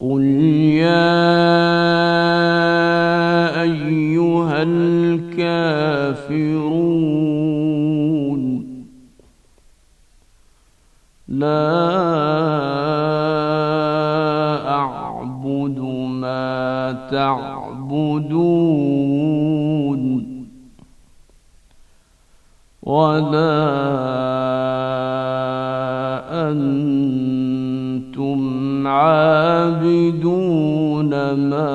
قل يا أيها الكافرون لا أعبد ما تعبدون ولا أنتم لما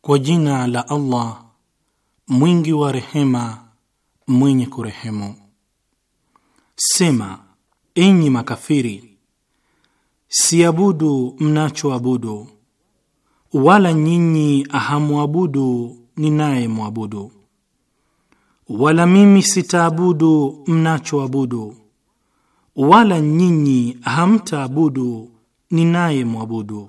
Kwa jina la Allah mwingi wa rehema, mwenye kurehemu. Sema, enyi makafiri, siabudu mnachoabudu, wala nyinyi hamwabudu ninaye mwabudu, wala mimi sitaabudu mnachoabudu, wala nyinyi hamtaabudu ninaye mwabudu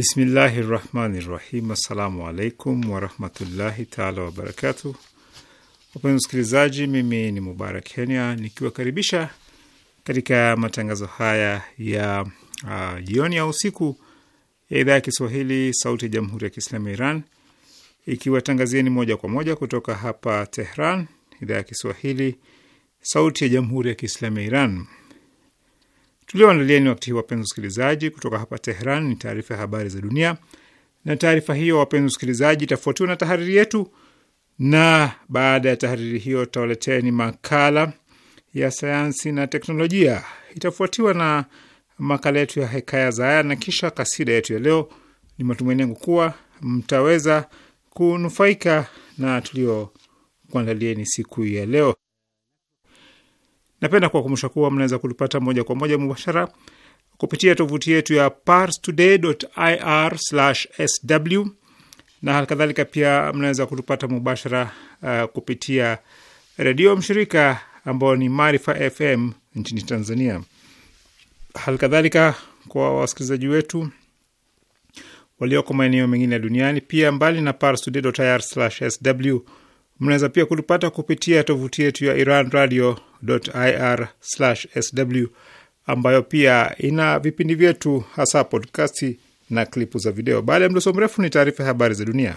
Bismillahi rahmani rahim. Assalamu alaikum warahmatullahi taala wabarakatuh. Wapenzi wasikilizaji, mimi ni Mubarak Kenya nikiwakaribisha katika matangazo haya ya uh, jioni uh, au usiku ya idhaa ya Kiswahili sauti ya jamhuri ya Kiislamu ya Iran ikiwatangazieni moja kwa moja kutoka hapa Tehran, idhaa ya Kiswahili sauti ya jamhuri ya Kiislamu ya Iran tulioandalieni wakati hii, wapenzi wasikilizaji, kutoka hapa Tehran ni taarifa ya habari za dunia, na taarifa hiyo, wapenzi wasikilizaji, itafuatiwa na tahariri yetu, na baada ya tahariri hiyo tutawaleteni makala ya sayansi na teknolojia, itafuatiwa na makala yetu ya hekaya za aya na kisha kasida yetu ya leo. Ni matumaini yangu kuwa mtaweza kunufaika na tulio kuandalieni siku ya leo. Napenda kuwakumbusha kuwa mnaweza kulipata moja kwa moja mubashara kupitia tovuti yetu ya parstoday.ir/sw na halikadhalika pia mnaweza kutupata mubashara uh, kupitia redio mshirika ambao ni Maarifa FM nchini Tanzania. Halikadhalika kwa wasikilizaji wetu walioko maeneo mengine ya duniani, pia mbali na parstoday.ir/sw Mnaweza pia kutupata kupitia tovuti yetu ya iranradio.ir/sw ambayo pia ina vipindi vyetu hasa podkasti na klipu za video. Baada ya mdoso mrefu, ni taarifa ya habari za dunia.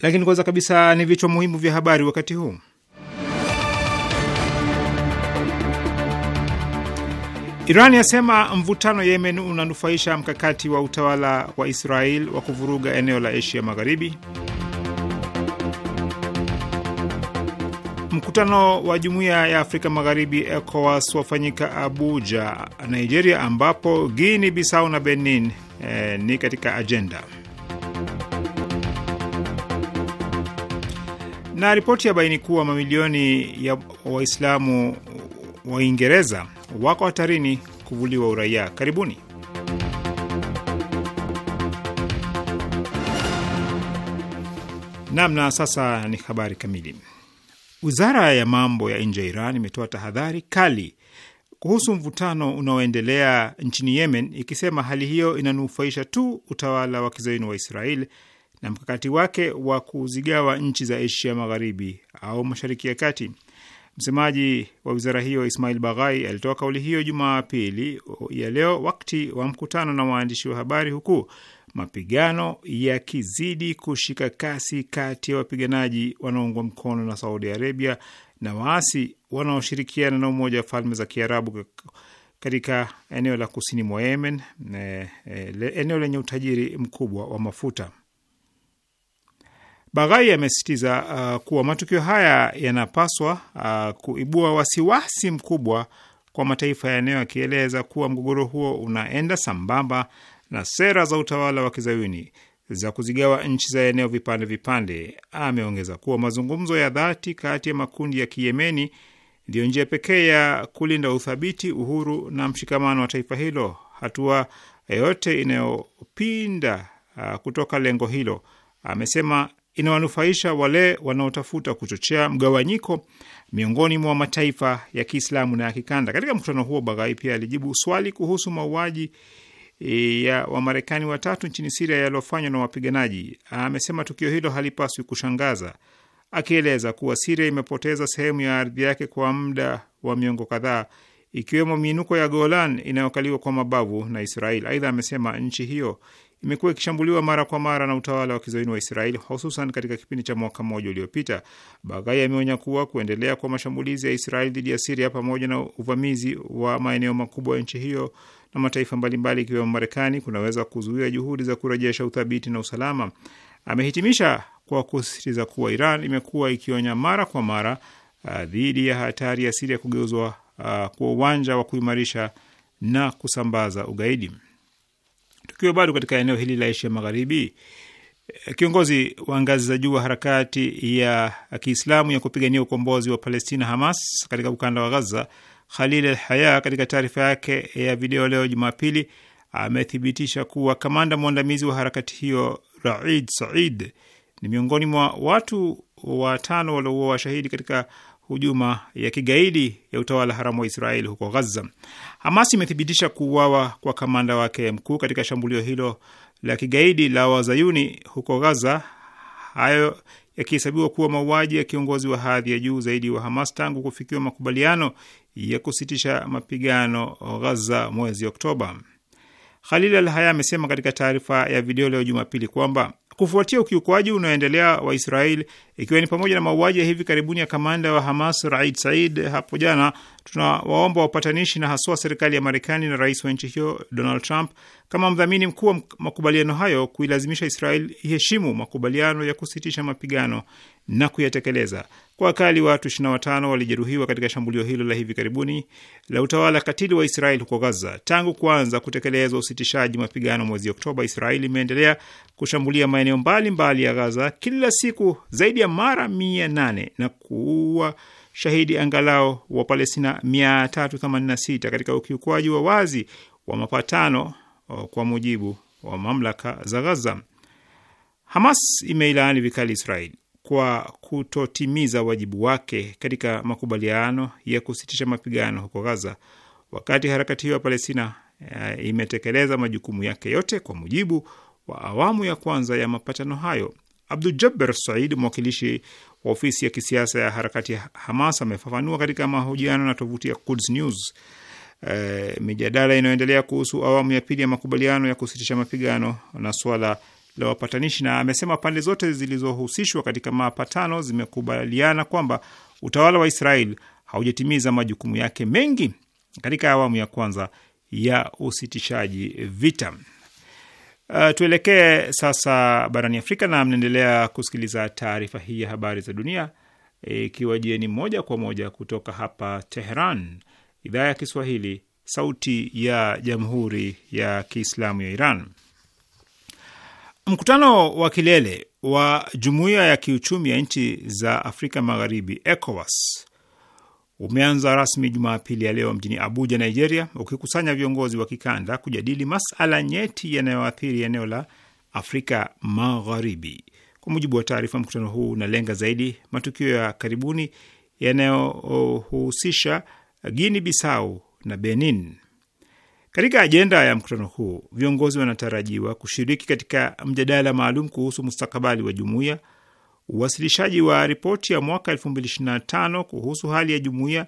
Lakini kwanza kabisa ni vichwa muhimu vya habari wakati huu. Iran yasema mvutano Yemen unanufaisha mkakati wa utawala wa Israel wa kuvuruga eneo la Asia Magharibi. Mkutano wa Jumuiya ya Afrika Magharibi ECOWAS wafanyika Abuja, Nigeria, ambapo Guinea Bissau na Benin eh, ni katika ajenda. Na ripoti ya baini kuwa mamilioni ya Waislamu wa Uingereza wako hatarini kuvuliwa uraia karibuni. Nam, na sasa ni habari kamili. Wizara ya mambo ya nje ya Iran imetoa tahadhari kali kuhusu mvutano unaoendelea nchini Yemen, ikisema hali hiyo inanufaisha tu utawala wa kizayuni wa Israeli na mkakati wake wa kuzigawa nchi za Asia Magharibi au Mashariki ya Kati. Msemaji wa wizara hiyo Ismail Baghai alitoa kauli hiyo Jumapili ya leo wakati wa mkutano na waandishi wa habari, huku mapigano yakizidi kushika kasi kati ya wapiganaji wanaoungwa mkono na Saudi Arabia na waasi wanaoshirikiana na Umoja wa Falme za Kiarabu katika eneo la kusini mwa Yemen, eh, eh, eneo lenye utajiri mkubwa wa mafuta. Baghai amesisitiza uh, kuwa matukio haya yanapaswa uh, kuibua wasiwasi mkubwa kwa mataifa ya eneo, akieleza kuwa mgogoro huo unaenda sambamba na sera za utawala wa kizayuni za kuzigawa nchi za eneo vipande vipande. Ameongeza kuwa mazungumzo ya dhati kati ya makundi ya Kiyemeni ndiyo njia pekee ya kulinda uthabiti, uhuru na mshikamano wa taifa hilo. Hatua yoyote inayopinda uh, kutoka lengo hilo, amesema inawanufaisha wale wanaotafuta kuchochea mgawanyiko miongoni mwa mataifa ya Kiislamu na ya kikanda. Katika mkutano huo, Baghai pia alijibu swali kuhusu mauaji e, ya Wamarekani watatu nchini Siria yaliyofanywa na wapiganaji. Amesema tukio hilo halipaswi kushangaza, akieleza kuwa Siria imepoteza sehemu ya ardhi yake kwa muda wa miongo kadhaa, ikiwemo miinuko ya Golan inayokaliwa kwa mabavu na Israel. Aidha amesema nchi hiyo imekuwa ikishambuliwa mara kwa mara na utawala wa kizaini wa Israeli, hususan katika kipindi cha mwaka mmoja uliopita. Bagai ameonya kuwa kuendelea kwa mashambulizi ya israel dhidi ya Siria pamoja na uvamizi wa maeneo makubwa ya nchi hiyo na mataifa mbalimbali ikiwemo Marekani kunaweza kuzuia juhudi za kurejesha uthabiti na usalama. Amehitimisha kwa kusisitiza kuwa Iran imekuwa ikionya mara kwa mara uh, dhidi ya hatari ya Siria kugeuzwa uh, kwa kuwa uwanja wa kuimarisha na kusambaza ugaidi. Tukiwa bado katika eneo hili la Asia Magharibi, eh, kiongozi wa ngazi za juu wa harakati ya Kiislamu ya kupigania ukombozi wa Palestina, Hamas, katika ukanda wa Gaza, Khalil al Haya, katika taarifa yake ya video leo Jumapili, amethibitisha kuwa kamanda mwandamizi wa harakati hiyo Raid Said ni miongoni mwa watu watano waliouawa washahidi katika hujuma ya kigaidi ya utawala haramu wa israeli huko Ghaza. Hamas imethibitisha kuuawa kwa kamanda wake mkuu katika shambulio hilo la kigaidi la wazayuni huko Ghaza, hayo yakihesabiwa kuwa mauaji ya kiongozi wa hadhi ya juu zaidi wa Hamas tangu kufikiwa makubaliano ya kusitisha mapigano Ghaza mwezi Oktoba. Khalil Al Haya amesema katika taarifa ya video leo Jumapili kwamba kufuatia ukiukwaji unaoendelea wa Israel ikiwa ni pamoja na mauaji ya hivi karibuni ya kamanda wa Hamas Raid Said hapo jana, tunawaomba wapatanishi na haswa serikali ya Marekani na rais wa nchi hiyo Donald Trump kama mdhamini mkuu wa makubaliano hayo kuilazimisha Israel iheshimu makubaliano ya kusitisha mapigano na kuyatekeleza. Kwa akali watu 25 walijeruhiwa katika shambulio hilo la hivi karibuni la utawala katili wa Israeli huko Gaza. Tangu kuanza kutekelezwa usitishaji mapigano mwezi Oktoba, Israeli imeendelea kushambulia maeneo mbalimbali ya Gaza kila siku zaidi ya mara mia nane na kuua shahidi angalau wa Palestina 386 katika ukiukwaji wa wazi wa mapatano kwa mujibu wa mamlaka za Gaza. Hamas imeilaani vikali Israeli kwa kutotimiza wajibu wake katika makubaliano ya kusitisha mapigano huko Gaza, wakati harakati hiyo ya Palestina uh, imetekeleza majukumu yake yote kwa mujibu wa awamu ya kwanza ya mapatano hayo. Abdul Jaber Said, mwakilishi wa ofisi ya kisiasa ya harakati ya Hamas, amefafanua katika mahojiano na tovuti ya Quds News uh, mijadala inayoendelea kuhusu awamu ya pili ya makubaliano ya kusitisha mapigano na suala la wapatanishi, na amesema pande zote zilizohusishwa katika mapatano zimekubaliana kwamba utawala wa Israel haujatimiza majukumu yake mengi katika awamu ya kwanza ya usitishaji vita. Uh, tuelekee sasa barani Afrika na mnaendelea kusikiliza taarifa hii ya habari za dunia ikiwa e, jieni moja kwa moja kutoka hapa Teheran, idhaa ya Kiswahili, sauti ya Jamhuri ya Kiislamu ya Iran. Mkutano wa kilele wa jumuiya ya kiuchumi ya nchi za Afrika Magharibi, ECOWAS, umeanza rasmi Jumapili ya leo mjini Abuja, Nigeria, ukikusanya viongozi wa kikanda kujadili masala nyeti yanayoathiri eneo la Afrika Magharibi. Kwa mujibu wa taarifa, mkutano huu unalenga zaidi matukio ya karibuni yanayohusisha Guinea Bissau na Benin. Katika ajenda ya mkutano huu viongozi wanatarajiwa kushiriki katika mjadala maalum kuhusu mustakabali wa jumuiya, uwasilishaji wa ripoti ya mwaka 2025 kuhusu hali ya jumuiya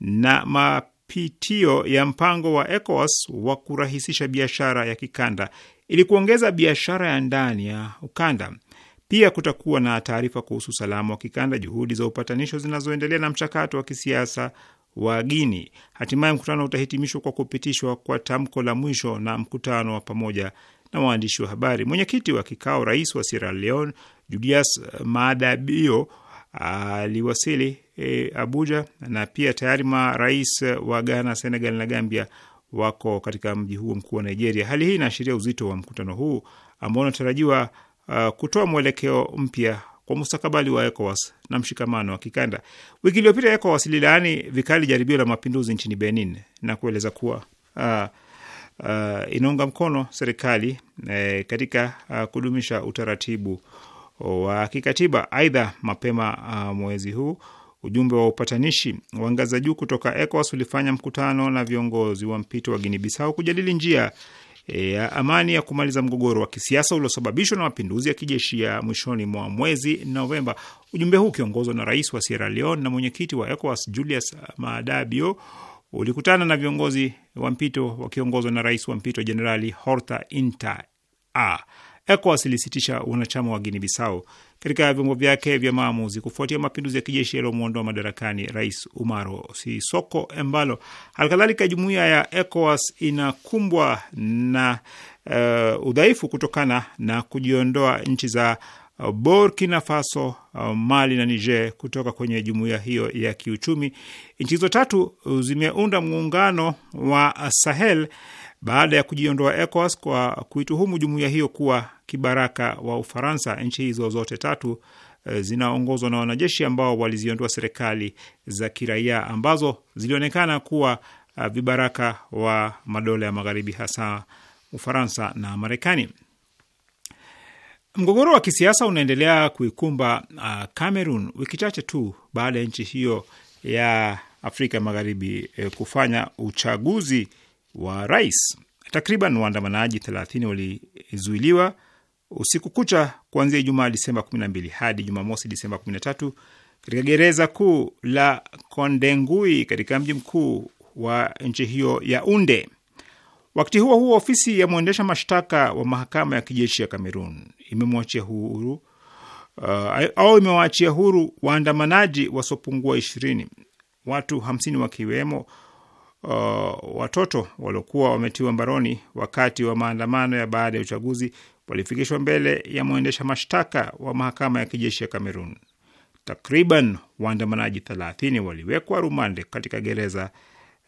na mapitio ya mpango wa ECOWAS wa kurahisisha biashara ya kikanda ili kuongeza biashara ya ndani ya ukanda. Pia kutakuwa na taarifa kuhusu usalama wa kikanda, juhudi za upatanisho zinazoendelea na mchakato wa kisiasa wa Guini. Hatimaye mkutano utahitimishwa kwa kupitishwa kwa tamko la mwisho na mkutano wa pamoja na waandishi wa habari. Mwenyekiti wa kikao, rais wa Sierra Leone Julius Maada Bio aliwasili e, Abuja, na pia tayari marais wa Ghana, Senegal na Gambia wako katika mji huo mkuu wa Nigeria. Hali hii inaashiria uzito wa mkutano huu ambao unatarajiwa uh, kutoa mwelekeo mpya kwa mustakabali wa ECOWAS na mshikamano wa kikanda. Wiki iliyopita ECOWAS ililaani vikali jaribio la mapinduzi nchini Benin na kueleza kuwa uh, uh, inaunga mkono serikali eh, katika uh, kudumisha utaratibu wa kikatiba. Aidha, mapema uh, mwezi huu ujumbe wa upatanishi wa ngazi za juu kutoka ECOWAS ulifanya mkutano na viongozi wa mpito wa Guinea Bissau kujadili njia ya amani ya kumaliza mgogoro wa kisiasa uliosababishwa na mapinduzi ya kijeshi ya mwishoni mwa mwezi Novemba. Ujumbe huu ukiongozwa na rais wa Sierra Leone na mwenyekiti wa ECOWAS Julius Maada Bio ulikutana na viongozi wa mpito wakiongozwa na rais wa mpito Jenerali Horta Inta a ECOWAS ilisitisha wanachama wa Guinea Bissau katika vyombo vyake vya maamuzi kufuatia mapinduzi ya kijeshi yaliyomwondoa madarakani Rais Umaro Sisoko Embalo. Halikadhalika, jumuiya ya ECOWAS inakumbwa na uh, udhaifu kutokana na kujiondoa nchi za Burkina Faso, Mali na Niger kutoka kwenye jumuiya hiyo ya kiuchumi. Nchi hizo tatu zimeunda muungano wa Sahel baada ya kujiondoa ECOWAS kwa kuituhumu jumuiya hiyo kuwa kibaraka wa Ufaransa. Nchi hizo zote tatu eh, zinaongozwa na wanajeshi ambao waliziondoa serikali za kiraia ambazo zilionekana kuwa eh, vibaraka wa madola ya Magharibi, hasa Ufaransa na Marekani. Mgogoro wa kisiasa unaendelea kuikumba eh, Cameroon wiki chache tu baada ya nchi hiyo ya Afrika Magharibi kufanya uchaguzi wa rais. Takriban waandamanaji 30 walizuiliwa usiku kucha kuanzia Ijumaa Disemba 12 hadi Jumamosi Disemba 13 katika gereza kuu la Kondengui katika mji mkuu wa nchi hiyo ya unde Wakati huo huo, ofisi ya mwendesha mashtaka wa mahakama ya kijeshi ya Kamerun imemwachia huru uh, au imewaachia huru waandamanaji wasiopungua ishirini, watu hamsini wakiwemo uh, watoto waliokuwa wametiwa mbaroni wakati wa maandamano ya baada ya uchaguzi walifikishwa mbele ya mwendesha mashtaka wa mahakama ya kijeshi ya Kamerun. Takriban waandamanaji 30 waliwekwa rumande katika gereza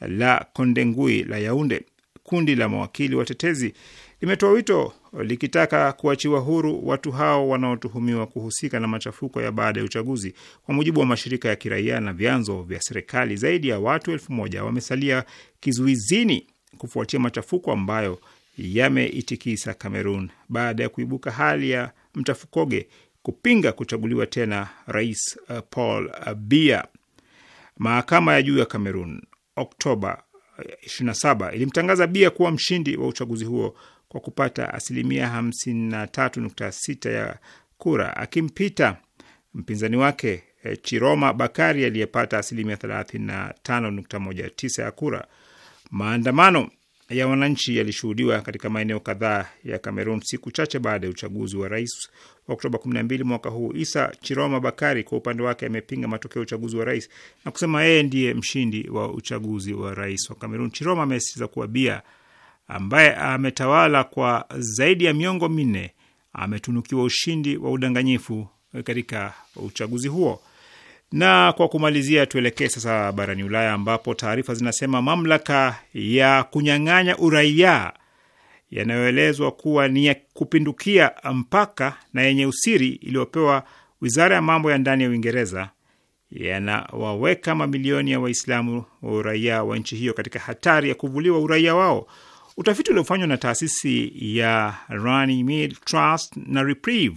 la Kondengui la Yaunde. Kundi la mawakili watetezi limetoa wito likitaka kuachiwa huru watu hao wanaotuhumiwa kuhusika na machafuko ya baada ya uchaguzi. Kwa mujibu wa mashirika ya kiraia na vyanzo vya serikali, zaidi ya watu elfu moja wamesalia kizuizini kufuatia machafuko ambayo yameitikisa Kamerun baada ya kuibuka hali ya mtafukoge kupinga kuchaguliwa tena Rais uh, Paul uh, Biya. Mahakama ya juu ya Kamerun Oktoba 27 uh, ilimtangaza Biya kuwa mshindi wa uchaguzi huo kwa kupata asilimia 53.6 ya kura, akimpita mpinzani wake eh, Chiroma Bakari aliyepata asilimia 35.19 ya kura. Maandamano ya wananchi yalishuhudiwa katika maeneo kadhaa ya Kamerun siku chache baada ya uchaguzi wa rais wa Oktoba 12 mwaka huu. Isa Chiroma Bakari kwa upande wake amepinga matokeo ya uchaguzi wa rais na kusema yeye ndiye mshindi wa uchaguzi wa rais wa Kamerun. Chiroma amesisitiza kuwa bia ambaye ametawala kwa zaidi ya miongo minne ametunukiwa ushindi wa udanganyifu katika uchaguzi huo. Na kwa kumalizia, tuelekee sasa barani Ulaya ambapo taarifa zinasema mamlaka ya kunyang'anya uraia yanayoelezwa kuwa ni ya kupindukia mpaka na yenye usiri iliyopewa wizara ya mambo ya ndani ya Uingereza yanawaweka mamilioni ya Waislamu wa uraia wa nchi hiyo katika hatari ya kuvuliwa uraia wao. Utafiti uliofanywa na taasisi ya Runnymede Trust na Reprieve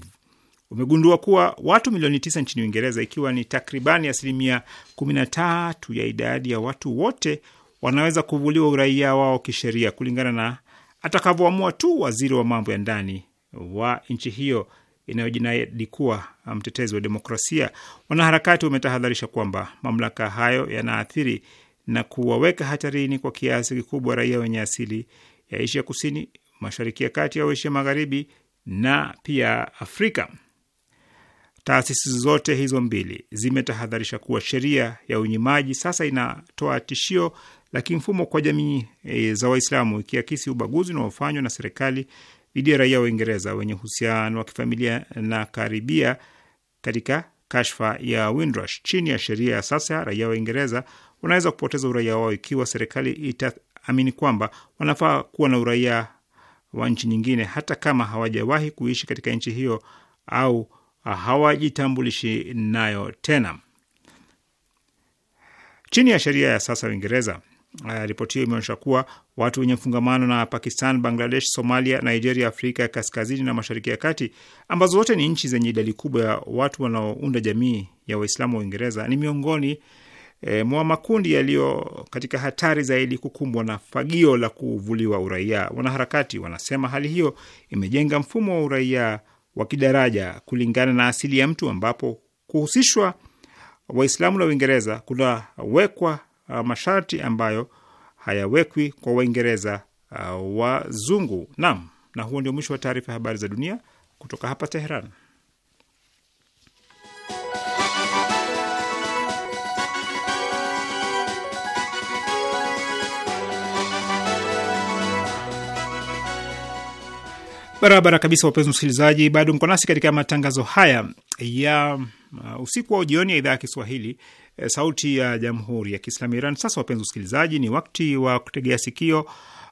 umegundua kuwa watu milioni tisa nchini Uingereza, ikiwa ni takribani asilimia kumi na tatu ya idadi ya watu wote, wanaweza kuvuliwa uraia wao kisheria kulingana na atakavyoamua tu waziri wa mambo ya ndani wa nchi hiyo inayojinadi kuwa mtetezi wa demokrasia. Wanaharakati wametahadharisha kwamba mamlaka hayo yanaathiri na kuwaweka hatarini kwa kiasi kikubwa raia wenye asili ya Asia Kusini, Mashariki ya Kati au Asia Magharibi na pia Afrika. Taasisi zote hizo mbili zimetahadharisha kuwa sheria ya unyimaji sasa inatoa tishio la kimfumo kwa jamii e, za Waislamu, ikiakisi ubaguzi unaofanywa na serikali dhidi ya raia wa Uingereza wenye uhusiano wa kifamilia na karibia katika kashfa ya Windrush. Chini ya sheria ya sasa, raia wa Uingereza wanaweza kupoteza uraia wao ikiwa serikali amini kwamba wanafaa kuwa na uraia wa nchi nyingine hata kama hawajawahi kuishi katika nchi hiyo au hawajitambulishi nayo tena. Chini ya sheria ya sasa Uingereza, eh, ripoti hiyo imeonyesha kuwa watu wenye mfungamano na Pakistan, Bangladesh, Somalia, Nigeria, Afrika ya Kaskazini na Mashariki ya Kati, ambazo zote ni nchi zenye idadi kubwa ya watu wanaounda jamii ya Waislamu wa Uingereza, ni miongoni e, mwa makundi yaliyo katika hatari zaidi kukumbwa na fagio la kuvuliwa uraia. Wanaharakati wanasema hali hiyo imejenga mfumo wa uraia wa kidaraja kulingana na asili ya mtu, ambapo kuhusishwa Waislamu na Uingereza kunawekwa uh, masharti ambayo hayawekwi kwa Waingereza uh, wazungu. Naam, na huo ndio mwisho wa taarifa ya habari za dunia kutoka hapa Teheran. Barabara kabisa, wapenzi msikilizaji, bado mko nasi katika matangazo haya ya uh, usiku wa jioni ya idhaa ya Kiswahili eh, sauti ya jamhuri ya kiislamu ya Iran. Sasa wapenzi msikilizaji, ni wakati wa kutegea sikio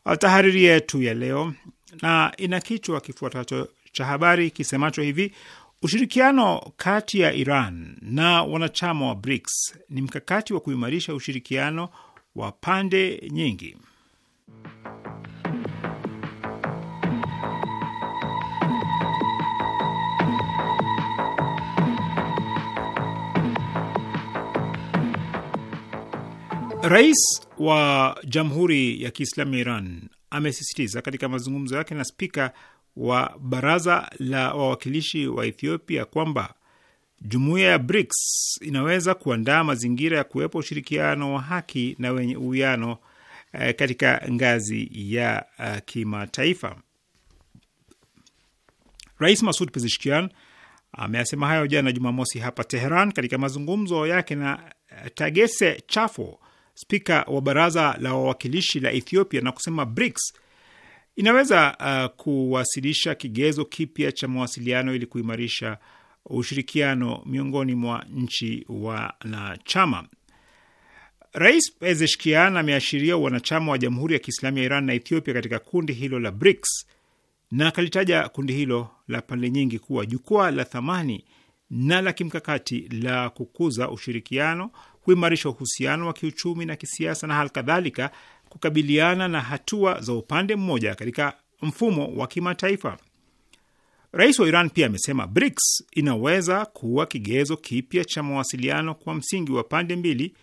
uh, tahariri yetu ya leo, na ina kichwa kifuatacho cha habari kisemacho hivi: ushirikiano kati ya Iran na wanachama wa BRICS ni mkakati wa kuimarisha ushirikiano wa pande nyingi. Rais wa Jamhuri ya Kiislamu ya Iran amesisitiza katika mazungumzo yake na spika wa Baraza la Wawakilishi wa Ethiopia kwamba jumuiya ya BRICS inaweza kuandaa mazingira ya kuwepo ushirikiano wa haki na wenye uwiano eh, katika ngazi ya eh, kimataifa. Rais Masud Pezeshkian ameyasema hayo jana Jumamosi hapa Teheran katika mazungumzo yake na eh, Tagese Chafo, spika wa baraza la wawakilishi la Ethiopia na kusema BRICS inaweza uh, kuwasilisha kigezo kipya cha mawasiliano ili kuimarisha ushirikiano miongoni mwa nchi wanachama. Rais Pezeshkian ameashiria wanachama wa Jamhuri ya Kiislamu ya Iran na Ethiopia katika kundi hilo la BRICS na akalitaja kundi hilo la pande nyingi kuwa jukwaa la thamani na la kimkakati la kukuza ushirikiano, kuimarisha uhusiano wa kiuchumi na kisiasa na hali kadhalika kukabiliana na hatua za upande mmoja katika mfumo wa kimataifa. Rais wa Iran pia amesema BRICS inaweza kuwa kigezo kipya cha mawasiliano kwa msingi wa pande mbili,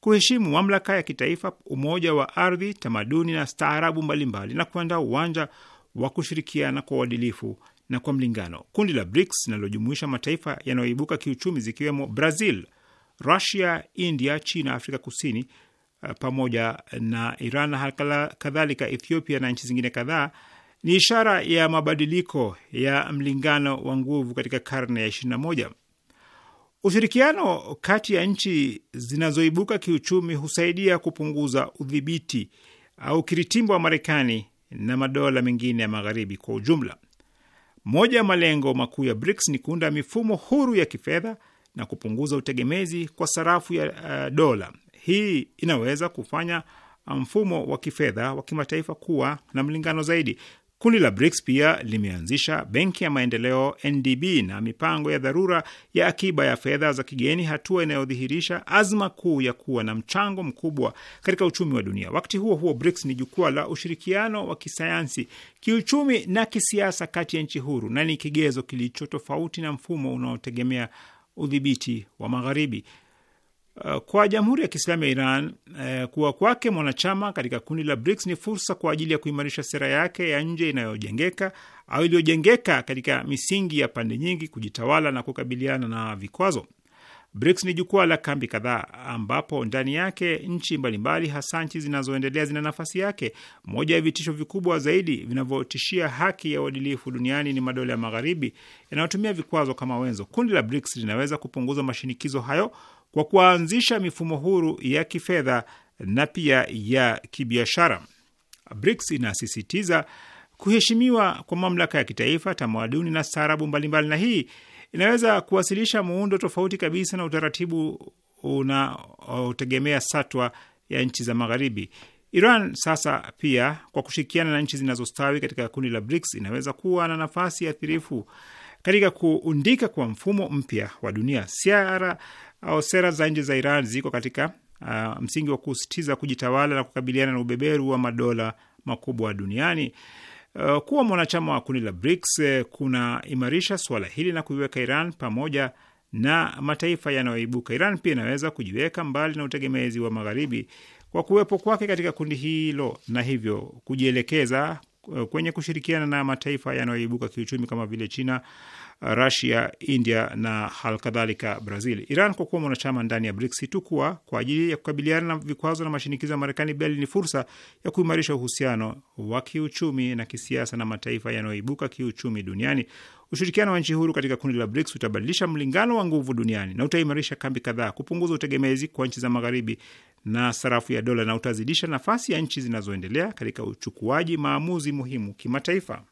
kuheshimu mamlaka ya kitaifa, umoja wa ardhi, tamaduni na staarabu mbalimbali, na kuandaa uwanja wa kushirikiana kwa uadilifu na kwa mlingano. Kundi la BRICS linalojumuisha mataifa yanayoibuka kiuchumi zikiwemo Brazil, Rusia, India, China, Afrika Kusini uh, pamoja na Iran na kadhalika Ethiopia na nchi zingine kadhaa ni ishara ya mabadiliko ya mlingano wa nguvu katika karne ya 21. Ushirikiano kati ya nchi zinazoibuka kiuchumi husaidia kupunguza udhibiti au kiritimbo wa Marekani na madola mengine ya magharibi kwa ujumla. Moja ya malengo makuu ya BRICS ni kuunda mifumo huru ya kifedha na kupunguza utegemezi kwa sarafu ya uh, dola. Hii inaweza kufanya uh, mfumo wa kifedha wa kimataifa kuwa na mlingano zaidi. Kundi la BRICS pia limeanzisha benki ya maendeleo NDB na mipango ya dharura ya akiba ya fedha za kigeni, hatua inayodhihirisha azma kuu ya kuwa na mchango mkubwa katika uchumi wa dunia. Wakati huo huo, BRICS ni jukwaa la ushirikiano wa kisayansi, kiuchumi na kisiasa kati ya nchi huru na ni kigezo kilicho tofauti na mfumo unaotegemea udhibiti wa Magharibi. Uh, kwa Jamhuri ya Kiislamu ya Iran uh, kuwa kwake mwanachama katika kundi la BRICS ni fursa kwa ajili ya kuimarisha sera yake ya nje inayojengeka au iliyojengeka katika misingi ya pande nyingi, kujitawala na kukabiliana na vikwazo. BRICS ni jukwaa la kambi kadhaa ambapo ndani yake nchi mbalimbali hasa nchi zinazoendelea zina nafasi yake. Moja ya vitisho vikubwa zaidi vinavyotishia haki ya uadilifu duniani ni madola ya magharibi yanayotumia vikwazo kama wenzo. Kundi la BRICS linaweza kupunguza mashinikizo hayo kwa kuanzisha mifumo huru ya kifedha na pia ya kibiashara. BRICS inasisitiza kuheshimiwa kwa mamlaka ya kitaifa, tamaduni na staarabu mbalimbali, na hii inaweza kuwasilisha muundo tofauti kabisa na utaratibu unaotegemea satwa ya nchi za Magharibi. Iran sasa pia kwa kushirikiana na nchi zinazostawi katika kundi la BRICS inaweza kuwa na nafasi athirifu katika kuundika kwa mfumo mpya wa dunia. Siara au sera za nje za Iran ziko katika uh, msingi wa kusitiza kujitawala na kukabiliana na ubeberu wa madola makubwa duniani. Eh, kuwa mwanachama wa kundi la BRICS eh, kunaimarisha suala hili na kuiweka Iran pamoja na mataifa yanayoibuka. Iran pia inaweza kujiweka mbali na utegemezi wa magharibi kwa kuwepo kwake katika kundi hilo na hivyo kujielekeza eh, kwenye kushirikiana na mataifa yanayoibuka kiuchumi kama vile China, Russia, India na hal kadhalika Brazil. Iran kwa kuwa mwanachama ndani ya BRICS si tu kuwa kwa ajili ya kukabiliana na vikwazo na mashinikizo ya Marekani, bali ni fursa ya kuimarisha uhusiano wa kiuchumi na kisiasa na mataifa yanayoibuka kiuchumi duniani. Ushirikiano wa nchi huru katika kundi la BRICS utabadilisha mlingano wa nguvu duniani na utaimarisha kambi kadhaa, kupunguza utegemezi kwa nchi za magharibi na sarafu ya dola, na utazidisha nafasi ya nchi zinazoendelea katika uchukuaji maamuzi muhimu kimataifa.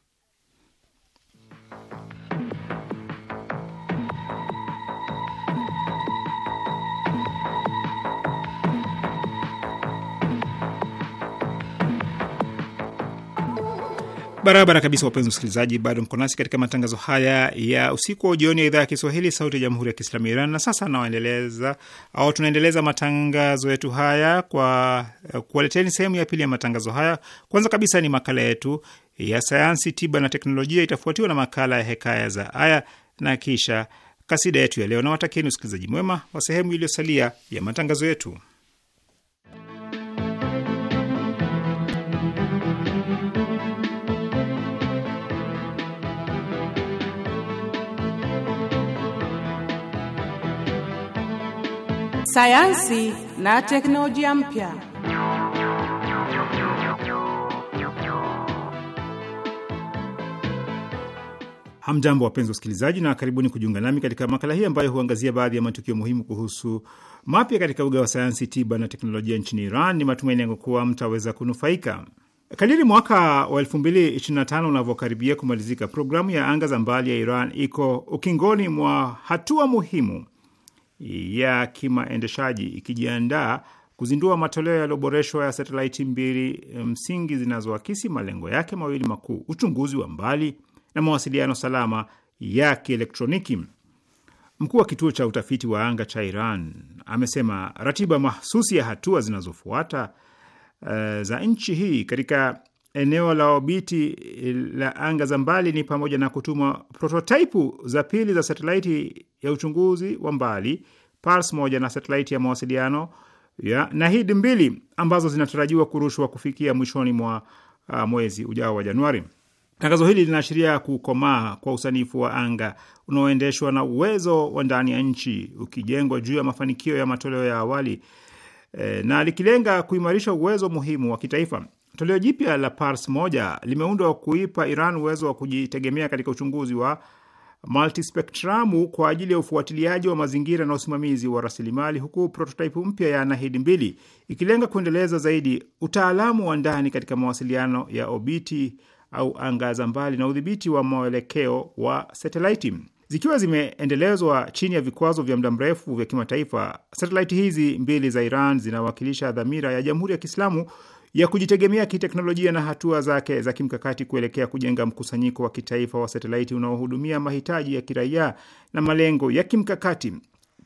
barabara kabisa, wapenzi wasikilizaji, bado mko nasi katika matangazo haya ya usiku wa jioni ya idhaa ya Kiswahili sauti ya jamhuri ya Kiislamu ya Iran. Na sasa nawaendeleza au tunaendeleza matangazo yetu haya kwa eh, kuwaleteni sehemu ya pili ya matangazo haya. Kwanza kabisa ni makala yetu ya sayansi, tiba na teknolojia, itafuatiwa na makala ya hekaya za aya na kisha kasida yetu ya leo. Nawatakieni usikilizaji mwema wa sehemu iliyosalia ya matangazo yetu. sayansi na teknolojia mpya. Hamjambo, wapenzi wasikilizaji, na karibuni kujiunga nami katika makala hii ambayo huangazia baadhi ya matukio muhimu kuhusu mapya katika uga wa sayansi, tiba na teknolojia nchini Iran. Ni matumaini yangu kuwa mtaweza kunufaika. Kadiri mwaka wa 2025 unavyokaribia kumalizika, programu ya anga za mbali ya Iran iko ukingoni mwa hatua muhimu ya kimaendeshaji ikijiandaa kuzindua matoleo yaliyoboreshwa ya satelaiti mbili eh, msingi zinazoakisi malengo yake mawili makuu: uchunguzi wa mbali na mawasiliano salama ya kielektroniki. Mkuu wa kituo cha utafiti wa anga cha Iran amesema ratiba mahsusi ya hatua zinazofuata uh, za nchi hii katika eneo la obiti eh, la anga za mbali ni pamoja na kutumwa prototaipu za pili za satelaiti ya uchunguzi wa mbali Pars moja na satelaiti ya mawasiliano ya Nahid mbili ambazo zinatarajiwa kurushwa kufikia mwishoni mwa uh, mwezi ujao wa Januari. Tangazo hili linaashiria kukomaa kwa usanifu wa anga unaoendeshwa na uwezo wa ndani ya nchi ukijengwa juu ya mafanikio ya matoleo ya awali e, na likilenga kuimarisha uwezo muhimu wa kitaifa. Toleo jipya la Pars moja limeundwa kuipa Iran uwezo wa kujitegemea katika uchunguzi wa multispektramu kwa ajili ya ufuatiliaji wa mazingira na usimamizi wa rasilimali, huku prototipu mpya ya Nahidi mbili ikilenga kuendeleza zaidi utaalamu wa ndani katika mawasiliano ya obiti au anga za mbali na udhibiti wa mwelekeo wa satelaiti. Zikiwa zimeendelezwa chini ya vikwazo vya muda mrefu vya kimataifa, satelaiti hizi mbili za Iran zinawakilisha dhamira ya Jamhuri ya Kiislamu ya kujitegemea kiteknolojia na hatua zake za kimkakati kuelekea kujenga mkusanyiko wa kitaifa wa satelaiti unaohudumia mahitaji ya kiraia na malengo ya kimkakati.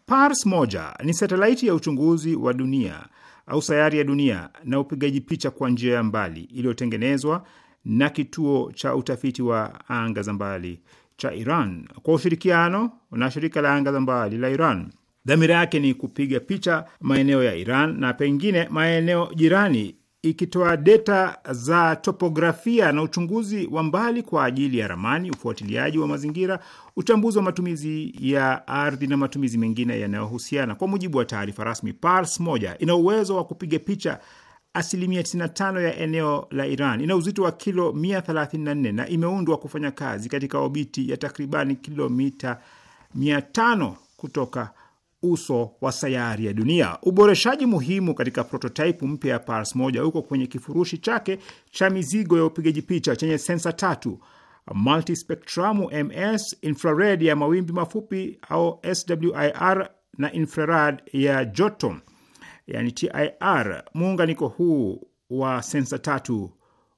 Pars moja ni satelaiti ya uchunguzi wa dunia au sayari ya dunia na upigaji picha kwa njia ya mbali iliyotengenezwa na kituo cha utafiti wa anga za mbali cha Iran kwa ushirikiano na shirika la anga za mbali la Iran. Dhamira yake ni kupiga picha maeneo ya Iran na pengine maeneo jirani ikitoa deta za topografia na uchunguzi wa mbali kwa ajili ya ramani, ufuatiliaji wa mazingira, utambuzi wa matumizi ya ardhi na matumizi mengine yanayohusiana. Kwa mujibu wa taarifa rasmi, Pars moja ina uwezo wa kupiga picha asilimia 95 ya eneo la Iran, ina uzito wa kilo 134 na imeundwa kufanya kazi katika obiti ya takribani kilomita 500 kutoka uso wa sayari ya dunia. Uboreshaji muhimu katika prototype mpya ya Pars moja uko kwenye kifurushi chake cha mizigo ya upigaji picha chenye sensa tatu multispectramu ms, infrared ya mawimbi mafupi au SWIR na infrared ya joto yani TIR. Muunganiko huu wa sensa tatu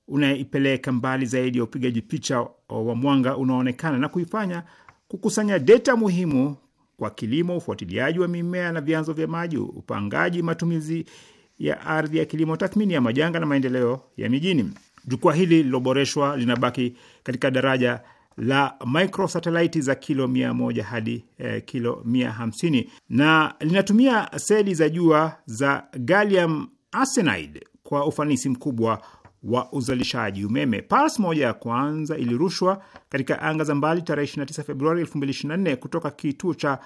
unaipeleka mbali zaidi ya upigaji picha wa mwanga unaonekana na kuifanya kukusanya data muhimu kwa kilimo, ufuatiliaji wa mimea na vyanzo vya maji, upangaji, matumizi ya ardhi ya kilimo, tathmini ya majanga na maendeleo ya mijini. Jukwaa hili lililoboreshwa linabaki katika daraja la microsatellite za kilo mia moja hadi eh, kilo mia hamsini na linatumia seli za jua za gallium arsenide kwa ufanisi mkubwa wa uzalishaji umeme. Pars moja ya kwanza ilirushwa katika anga za mbali tarehe 29 Februari 2024 kutoka kituo cha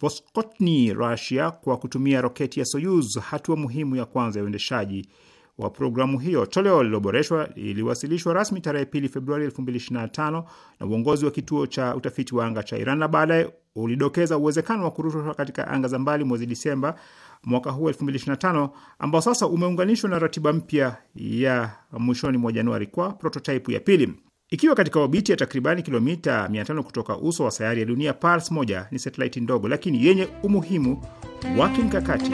Voskotni, Rusia, kwa kutumia roketi ya Soyuz, hatua muhimu ya kwanza ya uendeshaji wa programu hiyo. Toleo lililoboreshwa iliwasilishwa rasmi tarehe pili Februari 2025 na uongozi wa kituo cha utafiti wa anga cha Iran na baadaye ulidokeza uwezekano wa kurushwa katika anga za mbali mwezi Disemba mwaka huu 2025 ambao sasa umeunganishwa na ratiba mpya ya mwishoni mwa Januari kwa prototype ya pili. Ikiwa katika obiti ya takribani kilomita 500 kutoka uso wa sayari ya dunia, Pars moja ni satelaiti ndogo lakini yenye umuhimu wa kimkakati.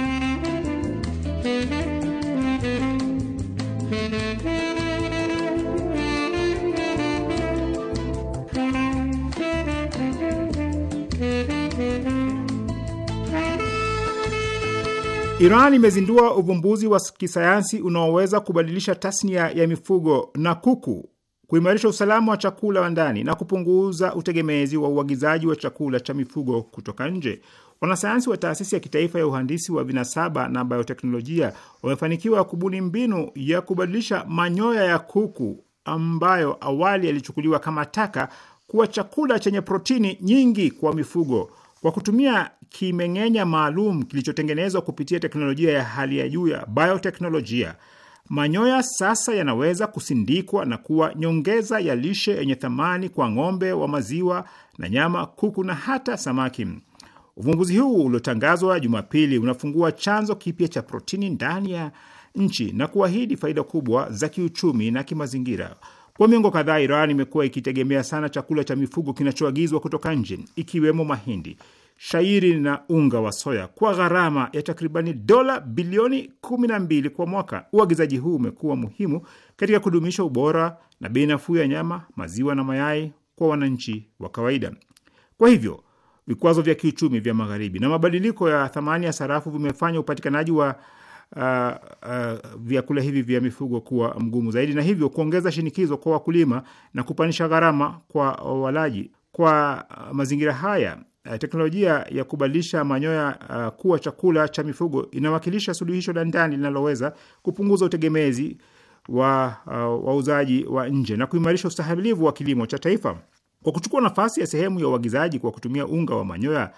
Iran imezindua uvumbuzi wa kisayansi unaoweza kubadilisha tasnia ya mifugo na kuku, kuimarisha usalama wa chakula wa ndani na kupunguza utegemezi wa uagizaji wa chakula cha mifugo kutoka nje. Wanasayansi wa taasisi ya kitaifa ya uhandisi wa vinasaba na bioteknolojia wamefanikiwa kubuni mbinu ya kubadilisha manyoya ya kuku ambayo awali yalichukuliwa kama taka kuwa chakula chenye protini nyingi kwa mifugo. Kwa kutumia kimeng'enya maalum kilichotengenezwa kupitia teknolojia ya hali ya juu ya bioteknolojia, manyoya sasa yanaweza kusindikwa na kuwa nyongeza ya lishe yenye thamani kwa ng'ombe wa maziwa na nyama, kuku na hata samaki. Uvumbuzi huu uliotangazwa Jumapili unafungua chanzo kipya cha protini ndani ya nchi na kuahidi faida kubwa za kiuchumi na kimazingira. Kwa miongo kadhaa, Iran imekuwa ikitegemea sana chakula cha mifugo kinachoagizwa kutoka nje, ikiwemo mahindi shairi na unga wa soya kwa gharama ya takribani dola bilioni 12 kwa mwaka. Uagizaji huu umekuwa muhimu katika kudumisha ubora na bei nafuu ya nyama, maziwa na mayai kwa wananchi wa kawaida. Kwa hivyo vikwazo vya kiuchumi vya Magharibi na mabadiliko ya thamani ya sarafu vimefanya upatikanaji wa uh, uh, vyakula hivi vya mifugo kuwa mgumu zaidi, na hivyo kuongeza shinikizo kwa wakulima na kupanisha gharama kwa walaji. Kwa uh, mazingira haya Eh, teknolojia ya kubadilisha manyoya uh, kuwa chakula cha mifugo inawakilisha suluhisho la ndani linaloweza kupunguza utegemezi wa eh, wauzaji uh, wa nje na kuimarisha ustahimilivu wa kilimo cha taifa. Kwa kuchukua nafasi ya sehemu ya uagizaji kwa kutumia unga wa manyoya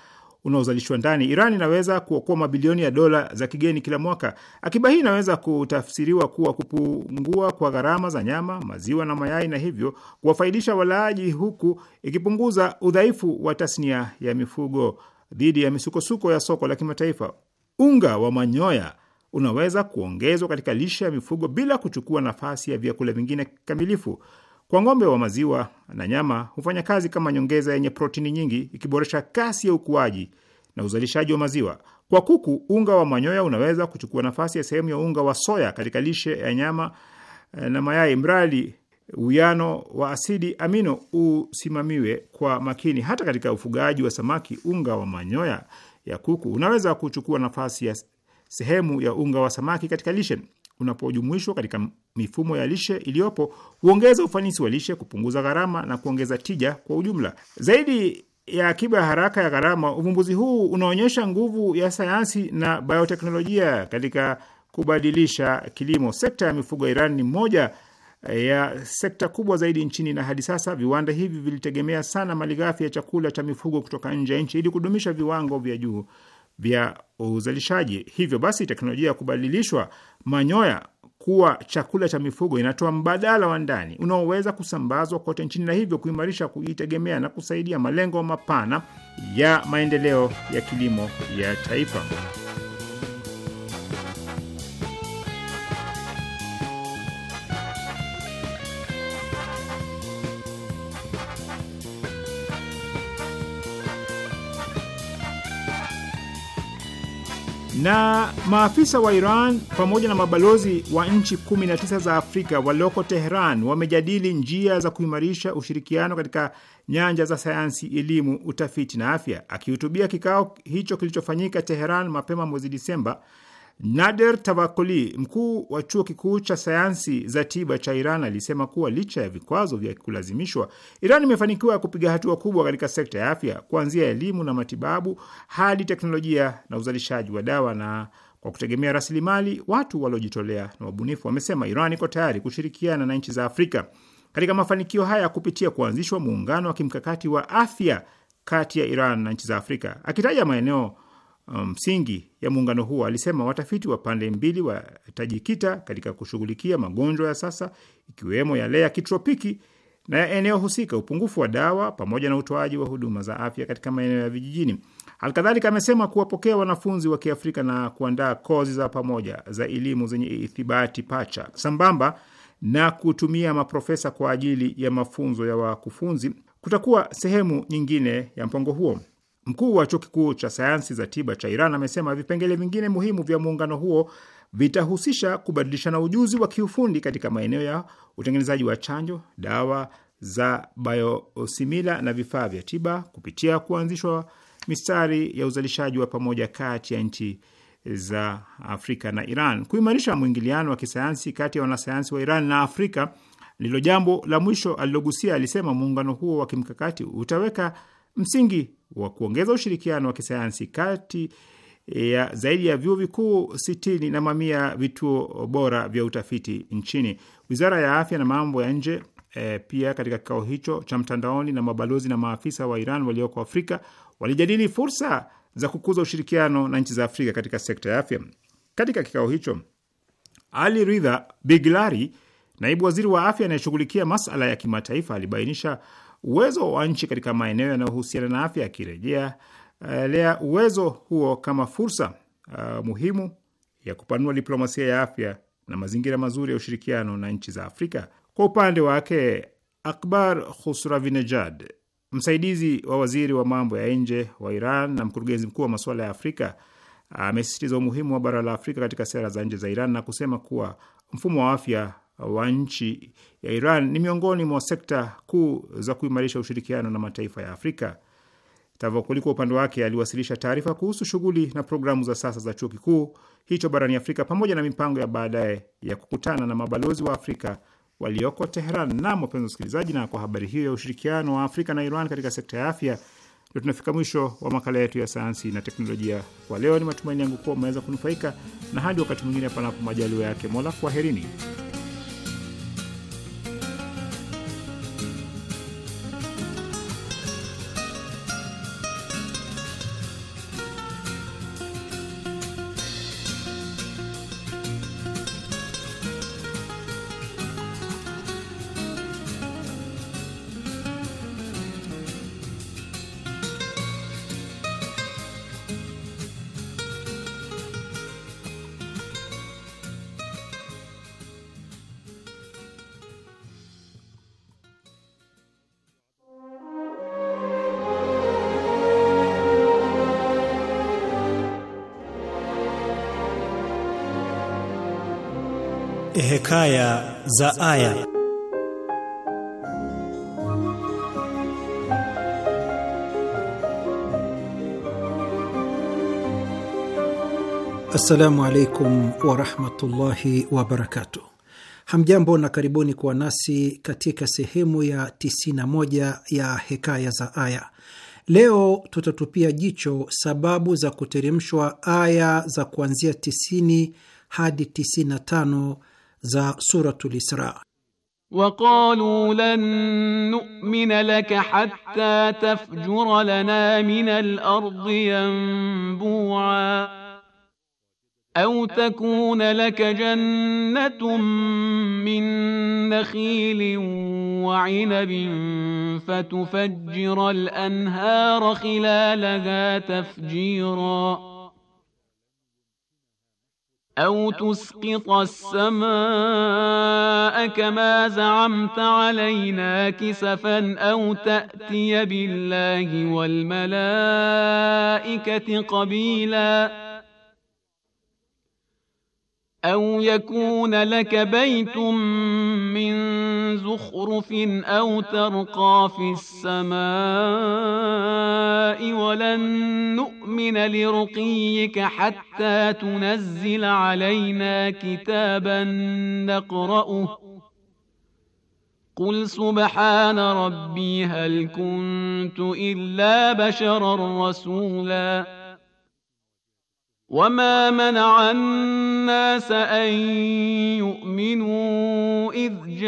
unaozalishwa ndani, Iran inaweza kuokoa mabilioni ya dola za kigeni kila mwaka. Akiba hii inaweza kutafsiriwa kuwa kupungua kwa gharama za nyama, maziwa na mayai, na hivyo kuwafaidisha walaaji, huku ikipunguza udhaifu wa tasnia ya mifugo dhidi ya misukosuko ya soko la kimataifa. Unga wa manyoya unaweza kuongezwa katika lishe ya mifugo bila kuchukua nafasi ya vyakula vingine kikamilifu. Kwa ng'ombe wa maziwa na nyama hufanya kazi kama nyongeza yenye protini nyingi, ikiboresha kasi ya ukuaji na uzalishaji wa maziwa. Kwa kuku, unga wa manyoya unaweza kuchukua nafasi ya sehemu ya unga wa soya katika lishe ya nyama eh, na mayai, mradi uwiano wa asidi amino usimamiwe kwa makini. Hata katika ufugaji wa samaki, unga wa manyoya ya kuku unaweza kuchukua nafasi ya sehemu ya unga wa samaki katika lishe unapojumuishwa katika mifumo ya lishe iliyopo huongeza ufanisi wa lishe, kupunguza gharama na kuongeza tija kwa ujumla. Zaidi ya akiba ya haraka ya gharama, uvumbuzi huu unaonyesha nguvu ya sayansi na bioteknolojia katika kubadilisha kilimo. Sekta ya mifugo ya Iran ni moja eh, ya sekta kubwa zaidi nchini, na hadi sasa viwanda hivi vilitegemea sana malighafi ya chakula cha mifugo kutoka nje ya nchi ili kudumisha viwango vya juu vya uzalishaji. Hivyo basi, teknolojia ya kubadilishwa manyoya kuwa chakula cha mifugo inatoa mbadala wa ndani unaoweza kusambazwa kote nchini na hivyo kuimarisha kujitegemea na kusaidia malengo mapana ya maendeleo ya kilimo ya taifa. na maafisa wa Iran pamoja na mabalozi wa nchi 19 za Afrika walioko Teheran wamejadili njia za kuimarisha ushirikiano katika nyanja za sayansi, elimu, utafiti na afya. Akihutubia kikao hicho kilichofanyika Teheran mapema mwezi Disemba, Nader Tavakoli, mkuu wa chuo kikuu cha sayansi za tiba cha Iran, alisema kuwa licha ya vikwazo vya kulazimishwa, Iran imefanikiwa kupiga hatua kubwa katika sekta ya afya, kuanzia elimu na matibabu hadi teknolojia na uzalishaji wa dawa na kwa kutegemea rasilimali watu waliojitolea na wabunifu. Wamesema Iran iko tayari kushirikiana na nchi za Afrika katika mafanikio haya kupitia kuanzishwa muungano wa kimkakati wa afya kati ya Iran na nchi za Afrika, akitaja maeneo Um, msingi um, ya muungano huo. Alisema watafiti wa pande mbili watajikita katika kushughulikia magonjwa ya sasa ikiwemo yale ya kitropiki na ya eneo husika, upungufu wa dawa pamoja na utoaji wa huduma za afya katika maeneo ya vijijini. Alkadhalika amesema kuwapokea wanafunzi wa Kiafrika na kuandaa kozi za pamoja za elimu zenye ithibati pacha sambamba na kutumia maprofesa kwa ajili ya mafunzo ya wakufunzi kutakuwa sehemu nyingine ya mpango huo. Mkuu wa chuo kikuu cha sayansi za tiba cha Iran amesema vipengele vingine muhimu vya muungano huo vitahusisha kubadilishana ujuzi wa kiufundi katika maeneo ya utengenezaji wa chanjo, dawa za biosimila na vifaa vya tiba kupitia kuanzishwa mistari ya uzalishaji wa pamoja kati ya nchi za Afrika na Iran. Kuimarisha mwingiliano wa kisayansi kati ya wanasayansi wa Iran na Afrika ndilo jambo la mwisho alilogusia. Alisema muungano huo wa kimkakati utaweka Msingi wa kuongeza ushirikiano wa kisayansi kati ya zaidi ya vyuo vikuu sitini na mamia vituo bora vya utafiti nchini. Wizara ya afya na mambo ya nje e, pia katika kikao hicho cha mtandaoni na mabalozi na maafisa wa Iran walioko Afrika walijadili fursa za kukuza ushirikiano na nchi za Afrika katika sekta ya afya. Katika kikao hicho, Ali Ridha Biglari, naibu waziri wa afya anayeshughulikia masala ya kimataifa, alibainisha uwezo wa nchi katika maeneo yanayohusiana na afya, akirejea eh, lea uwezo huo kama fursa uh, muhimu ya kupanua diplomasia ya afya na mazingira mazuri ya ushirikiano na nchi za Afrika. Kwa upande wake, Akbar Khusravinejad, msaidizi wa waziri wa mambo ya nje wa Iran na mkurugenzi mkuu wa masuala ya Afrika, amesisitiza umuhimu wa bara la Afrika katika sera za nje za Iran na kusema kuwa mfumo wa afya wa nchi ya Iran ni miongoni mwa sekta kuu za kuimarisha ushirikiano na mataifa ya Afrika. Tavokoli kwa upande wake aliwasilisha taarifa kuhusu shughuli na programu za sasa za chuo kikuu hicho barani Afrika pamoja na mipango ya baadaye ya kukutana na mabalozi wa Afrika walioko Teheran. Na wapenzi wasikilizaji, na kwa habari hiyo ya ushirikiano wa Afrika na Iran katika sekta ya afya, ndio tunafika mwisho wa makala yetu ya sayansi na teknolojia kwa leo. Ni matumaini yangu kuwa umeweza kunufaika, na hadi wakati mwingine, panapo majaliwa yake Mola, kwaherini. Eh, Hekaya za Aya. Assalamu alaikum warahmatullahi wabarakatu Hamjambo na karibuni kuwa nasi katika sehemu ya 91 ya Hekaya za Aya. Leo tutatupia jicho sababu za kuteremshwa aya za kuanzia 90 hadi 95 za Suratul Isra. وقالوا لن نؤمن لك حتى تفجر لنا من الأرض ينبوعا أو تكون لك جنة من نخيل وعنب فتفجر الأنهار خلالها تفجيراً أو تسقط السماء كما زعمت علينا كسفا أو تأتي بالله والملائكة قبيلا أو يكون لك بيت من زخرف أو ترقى في السماء ولن نؤمن لرقيك حتى تنزل علينا كتابا نقرأه قل سبحان ربي هل كنت إلا بشرا رسولا وما منع الناس أن يؤمنوا إذ جاءهم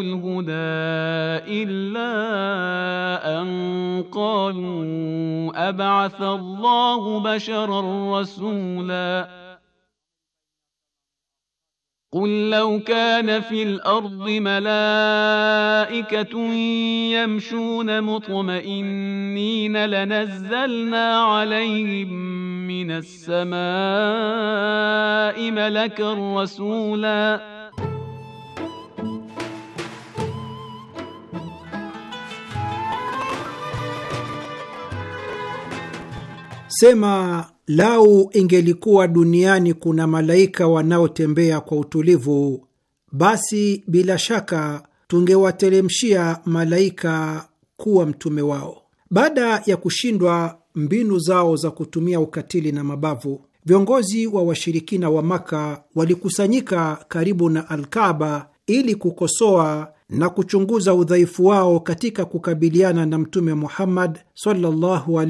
الهدى إلا أن قالوا أبعث الله بشرا رسولا قل لو كان في الارض ملائكه يمشون مطمئنين لنزلنا عليهم من السماء ملكا رسولا سمع Lau ingelikuwa duniani kuna malaika wanaotembea kwa utulivu, basi bila shaka tungewateremshia malaika kuwa mtume wao. Baada ya kushindwa mbinu zao za kutumia ukatili na mabavu, viongozi wa washirikina wa Maka walikusanyika karibu na alkaba ili kukosoa na kuchunguza udhaifu wao katika kukabiliana na Mtume Muhammad sallallahu wa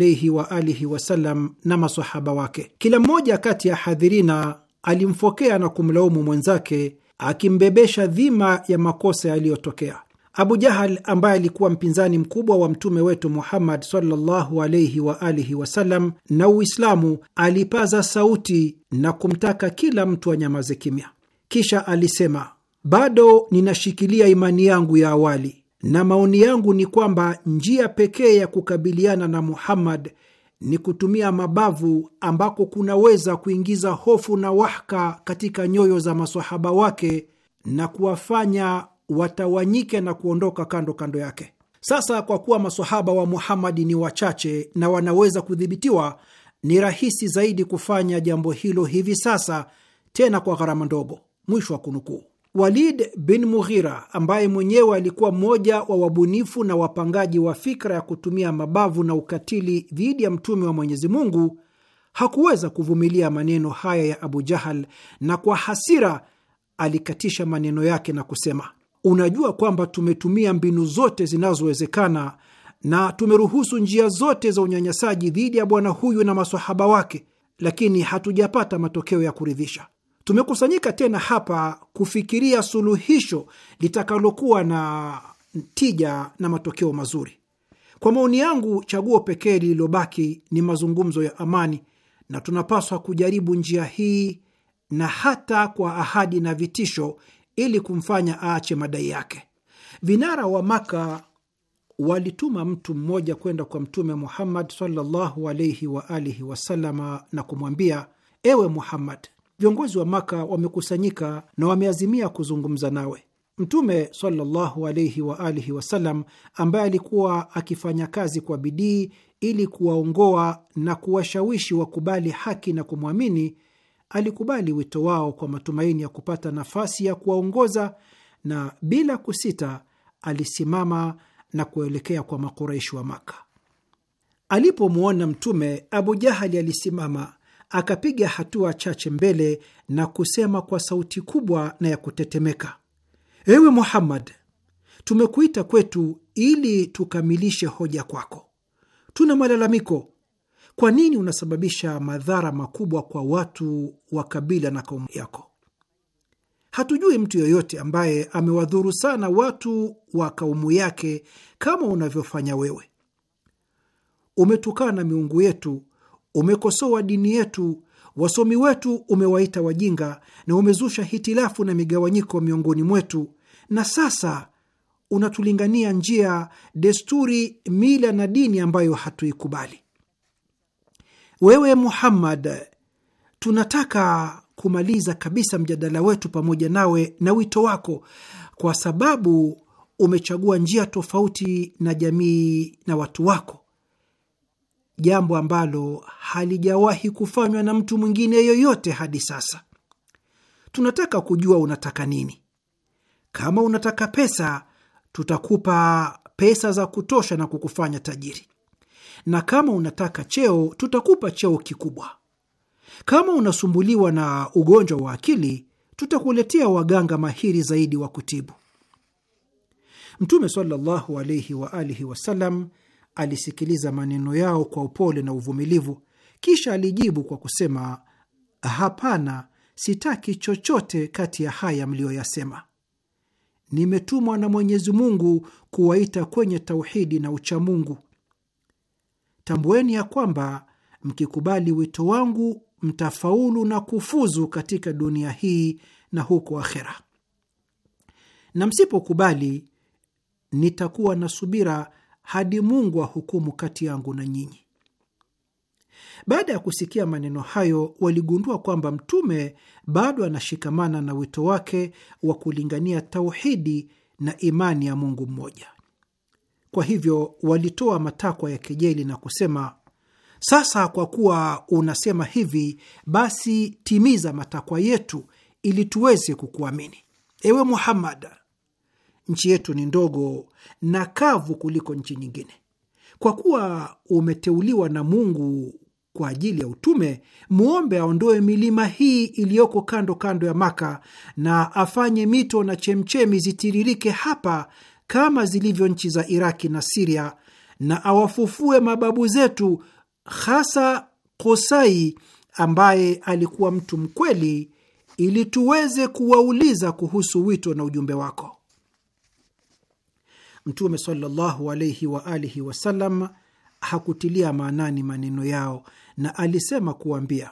alihi wasallam na masahaba wake. Kila mmoja kati ya hadhirina alimfokea na kumlaumu mwenzake, akimbebesha dhima ya makosa yaliyotokea. Abu Jahal ambaye alikuwa mpinzani mkubwa wa mtume wetu Muhammad sallallahu alaihi wa alihi wasallam na Uislamu alipaza sauti na kumtaka kila mtu anyamaze kimya. Kisha alisema bado ninashikilia imani yangu ya awali na maoni yangu ni kwamba njia pekee ya kukabiliana na Muhammad ni kutumia mabavu ambako kunaweza kuingiza hofu na wahaka katika nyoyo za masahaba wake na kuwafanya watawanyike na kuondoka kando kando yake. Sasa kwa kuwa masahaba wa Muhamadi ni wachache na wanaweza kudhibitiwa, ni rahisi zaidi kufanya jambo hilo hivi sasa, tena kwa gharama ndogo. Mwisho wa kunukuu. Walid bin Mughira ambaye mwenyewe alikuwa mmoja wa wabunifu na wapangaji wa fikra ya kutumia mabavu na ukatili dhidi ya mtume wa Mwenyezi Mungu hakuweza kuvumilia maneno haya ya Abu Jahal, na kwa hasira alikatisha maneno yake na kusema, unajua kwamba tumetumia mbinu zote zinazowezekana na tumeruhusu njia zote za unyanyasaji dhidi ya bwana huyu na masahaba wake, lakini hatujapata matokeo ya kuridhisha. Tumekusanyika tena hapa kufikiria suluhisho litakalokuwa na tija na matokeo mazuri. Kwa maoni yangu, chaguo pekee lililobaki ni mazungumzo ya amani, na tunapaswa kujaribu njia hii na hata kwa ahadi na vitisho, ili kumfanya aache madai yake. Vinara wa Maka walituma mtu mmoja kwenda kwa Mtume Muhammad sallallahu alaihi waalihi wasalama na kumwambia, ewe Muhammad, viongozi wa Maka wamekusanyika na wameazimia kuzungumza nawe. Mtume sallallahu wa alihi wasallam, ambaye alikuwa akifanya kazi kwa bidii ili kuwaongoa na kuwashawishi wakubali haki na kumwamini, alikubali wito wao kwa matumaini ya kupata nafasi ya kuwaongoza, na bila kusita alisimama na kuelekea kwa Makuraishi wa Maka. Alipomwona Mtume, Abu Jahali alisimama akapiga hatua chache mbele na kusema kwa sauti kubwa na ya kutetemeka, ewe Muhammad, tumekuita kwetu ili tukamilishe hoja kwako. Tuna malalamiko. Kwa nini unasababisha madhara makubwa kwa watu wa kabila na kaumu yako? Hatujui mtu yoyote ambaye amewadhuru sana watu wa kaumu yake kama unavyofanya wewe. Umetukana miungu yetu umekosoa dini yetu, wasomi wetu umewaita wajinga, na umezusha hitilafu na migawanyiko miongoni mwetu, na sasa unatulingania njia, desturi, mila na dini ambayo hatuikubali. Wewe Muhammad, tunataka kumaliza kabisa mjadala wetu pamoja nawe na wito wako, kwa sababu umechagua njia tofauti na jamii na watu wako jambo ambalo halijawahi kufanywa na mtu mwingine yoyote hadi sasa. Tunataka kujua unataka nini. Kama unataka pesa, tutakupa pesa za kutosha na kukufanya tajiri, na kama unataka cheo, tutakupa cheo kikubwa. Kama unasumbuliwa na ugonjwa wa akili, tutakuletea waganga mahiri zaidi wa kutibu. Mtume sallallahu alaihi waalihi wasalam alisikiliza maneno yao kwa upole na uvumilivu, kisha alijibu kwa kusema, hapana, sitaki chochote kati ya haya mliyoyasema. Nimetumwa na Mwenyezi Mungu kuwaita kwenye tauhidi na uchamungu. Tambueni ya kwamba mkikubali wito wangu mtafaulu na kufuzu katika dunia hii na huko akhera, na msipokubali nitakuwa na subira hadi Mungu ahukumu kati yangu na nyinyi. Baada ya kusikia maneno hayo, waligundua kwamba Mtume bado anashikamana na wito wake wa kulingania tauhidi na imani ya Mungu mmoja. Kwa hivyo walitoa matakwa ya kejeli na kusema, sasa kwa kuwa unasema hivi, basi timiza matakwa yetu ili tuweze kukuamini, ewe Muhammad nchi yetu ni ndogo na kavu kuliko nchi nyingine. Kwa kuwa umeteuliwa na Mungu kwa ajili ya utume, mwombe aondoe milima hii iliyoko kando kando ya Maka na afanye mito na chemchemi zitiririke hapa kama zilivyo nchi za Iraki na Siria, na awafufue mababu zetu, hasa Kosai ambaye alikuwa mtu mkweli, ili tuweze kuwauliza kuhusu wito na ujumbe wako. Mtume sallallahu alaihi wa alihi wasallam hakutilia maanani maneno yao na alisema kuambia,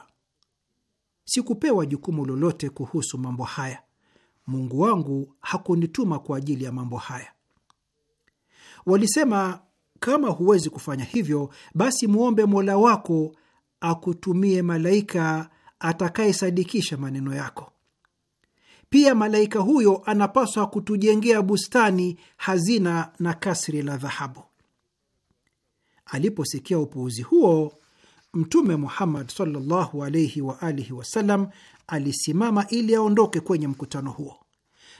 sikupewa jukumu lolote kuhusu mambo haya. Mungu wangu hakunituma kwa ajili ya mambo haya. Walisema, kama huwezi kufanya hivyo, basi mwombe Mola wako akutumie malaika atakayesadikisha maneno yako. Pia malaika huyo anapaswa kutujengea bustani, hazina na kasri la dhahabu. Aliposikia upuuzi huo, Mtume Muhammad sallallahu alaihi wa alihi wasallam alisimama ili aondoke kwenye mkutano huo.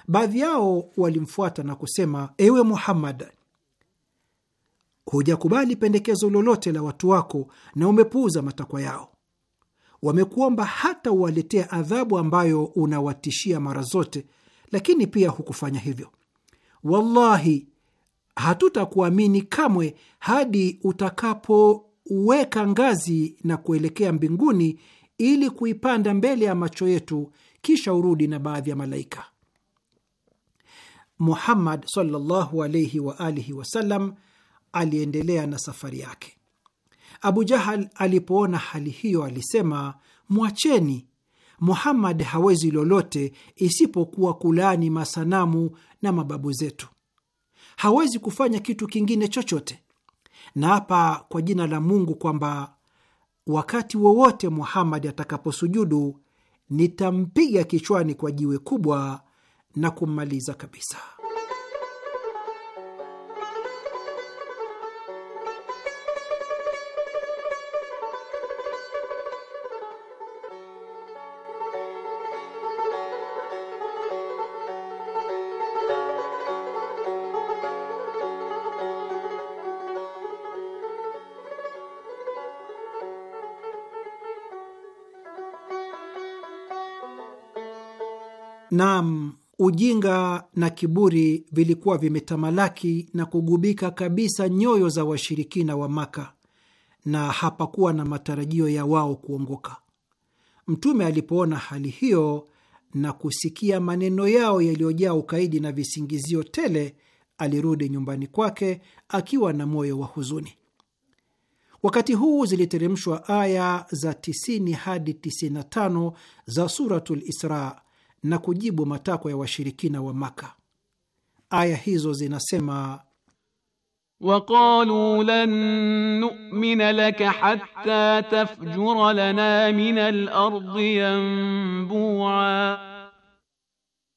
Baadhi yao walimfuata na kusema, ewe Muhammad, hujakubali pendekezo lolote la watu wako na umepuuza matakwa yao wamekuomba hata uwaletea adhabu ambayo unawatishia mara zote, lakini pia hukufanya hivyo. Wallahi, hatutakuamini kamwe hadi utakapoweka ngazi na kuelekea mbinguni ili kuipanda mbele ya macho yetu, kisha urudi na baadhi ya malaika. Muhammad sallallahu alayhi wa alihi wasallam aliendelea na safari yake. Abu Jahal alipoona hali hiyo alisema, mwacheni Muhammad, hawezi lolote isipokuwa kulaani masanamu na mababu zetu, hawezi kufanya kitu kingine chochote. na hapa kwa jina la Mungu kwamba wakati wowote Muhammad atakaposujudu nitampiga kichwani kwa jiwe kubwa na kummaliza kabisa. Naam, ujinga na kiburi vilikuwa vimetamalaki na kugubika kabisa nyoyo za washirikina wa Maka, na hapakuwa na matarajio ya wao kuongoka. Mtume alipoona hali hiyo na kusikia maneno yao yaliyojaa ukaidi na visingizio tele, alirudi nyumbani kwake akiwa na moyo wa huzuni. Wakati huu ziliteremshwa aya za 90 hadi 95 za Suratul Isra na kujibu matakwa ya washirikina wa Maka. Aya hizo zinasema: waqalu lan numina laka hatta tafjura lana min alardi yanbua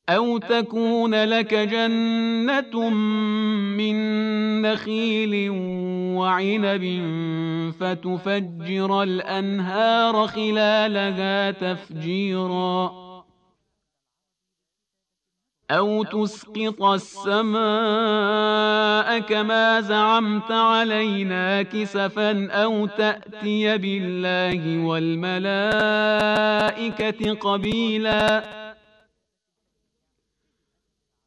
au takuna laka jannatun min nakhilin wa inabin fatufajjira alanhara khilalaha tafjira أو تسقط السماء كما زعمت علينا كسفا أو تأتي بالله والملائكة قبيلا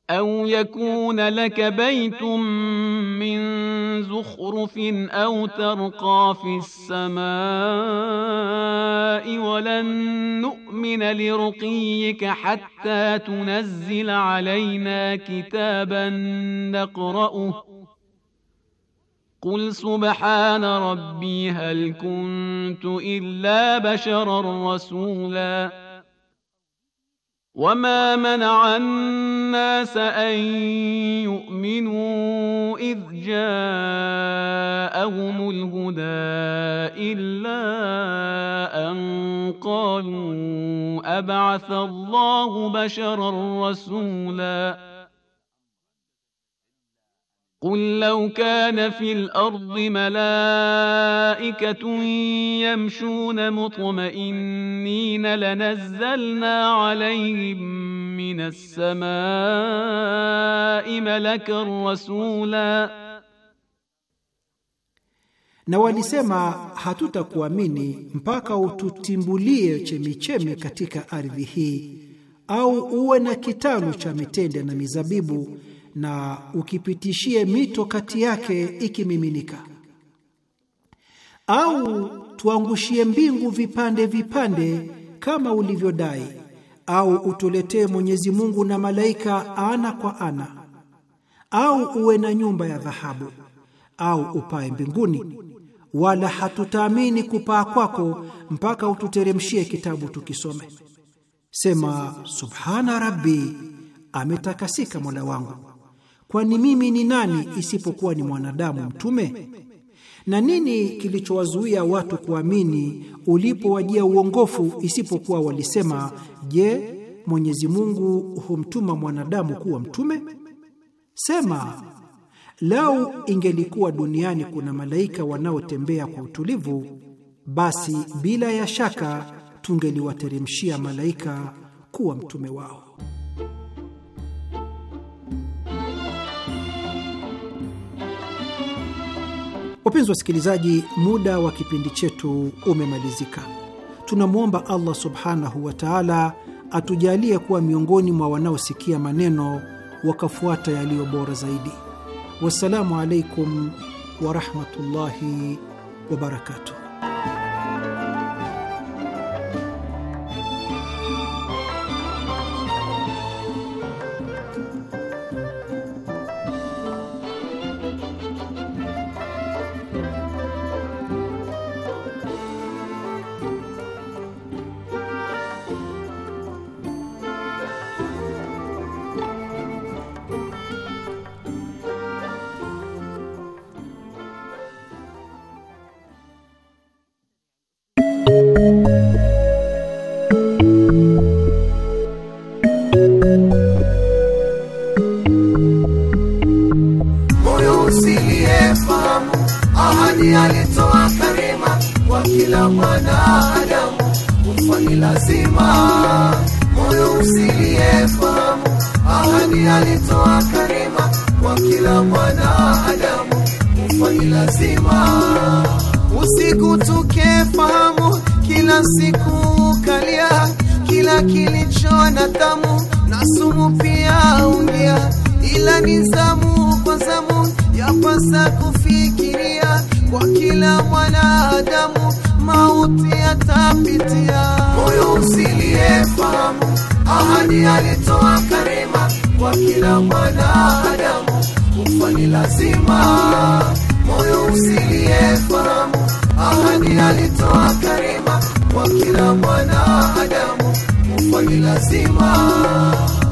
أو يكون لك بيت من زخرف أو ترقى في السماء ولن نؤمن لرقيك حتى تنزل علينا كتابا نقرأه قل سبحان ربي هل كنت إلا بشرا رسولا وما منع الناس أن يؤمنوا إذ جاءهم الهدى إلا أن قالوا أبعث الله بشرا رسولا قل لو كان في الأرض ملائكة يمشون مطمئنين لنزلنا عليهم من السماء ملكا رسولا na walisema hatutakuamini mpaka ututimbulie chemichemi katika ardhi hii au uwe na kitalu cha mitende na mizabibu na ukipitishie mito kati yake ikimiminika, au tuangushie mbingu vipande vipande kama ulivyodai, au utuletee Mwenyezi Mungu na malaika ana kwa ana, au uwe na nyumba ya dhahabu, au upae mbinguni, wala hatutaamini kupaa kwako mpaka ututeremshie kitabu tukisome. Sema subhana rabbi, ametakasika mola wangu kwani mimi ni nani isipokuwa ni mwanadamu mtume? Na nini kilichowazuia watu kuamini ulipowajia uongofu isipokuwa walisema, je, Mwenyezi Mungu humtuma mwanadamu kuwa mtume? Sema, lau ingelikuwa duniani kuna malaika wanaotembea kwa utulivu, basi bila ya shaka tungeliwateremshia malaika kuwa mtume wao. Wapenzi wasikilizaji, muda wa kipindi chetu umemalizika. Tunamwomba Allah subhanahu wa taala atujalie kuwa miongoni mwa wanaosikia maneno wakafuata yaliyo bora zaidi. Wassalamu alaikum warahmatullahi wabarakatuh. la mwanadamu kufa lazima, usiku tukefahamu, kila siku kalia, kila kilicho na tamu na sumu pia ungia, ila ni zamu kwa zamu, yapasa kufikiria kwa kila mwanadamu mauti yatapitia. Moyo usilie fahamu ahadi alitoa karima kwa kila mwanadamu ni lazima, moyo usilie fahamu, ahadi alitoa karima kwa kila mwanadamu, kufa ni lazima,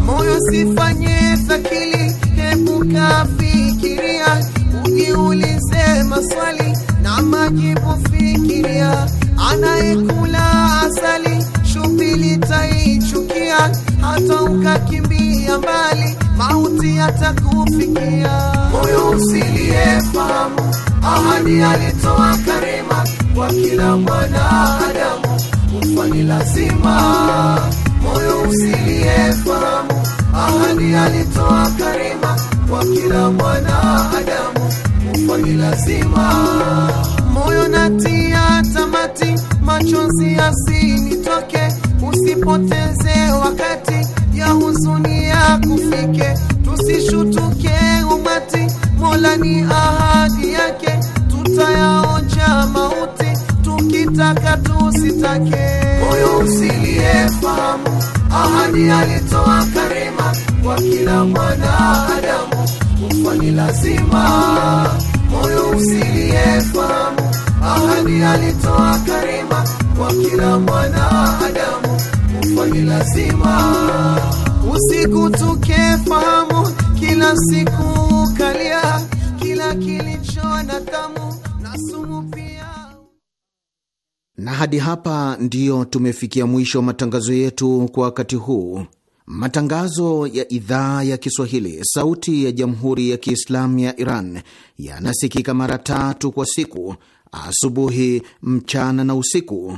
moyo sifanye takili hepuka fikiria, ujiulize maswali na majibu fikiria, anayekula asali shupili taichukia, hata ukakimbia mbali mauti atakufikia moyo usiliyefahamu. Ahadi alitoa karima kwa kila mwanadamu, kufa ni lazima. Moyo usiliyefahamu, ahadi alitoa karima kwa kila mwanadamu, kufa ni lazima. Moyo natia tamati, machozi yasinitoke, usipoteze wakati ya huzuni ya kufike Usishutuke umati, Mola ni ahadi yake, tutayaonja mauti tukitaka tusitake. Moyo usiliyefahamu ahadi alitoa karima kwa kila mwanadamu, kufa ni lazima. Moyo usiliyefahamu ahadi alitoa karima kwa kila mwanadamu, kufa ni lazima usiku tukefahamu, kila siku kalia, kila kilicho na tamu na sumu pia. Na hadi hapa ndiyo tumefikia mwisho wa matangazo yetu kwa wakati huu. Matangazo ya idhaa ya Kiswahili sauti ya jamhuri ya Kiislamu ya Iran yanasikika mara tatu kwa siku: asubuhi, mchana na usiku.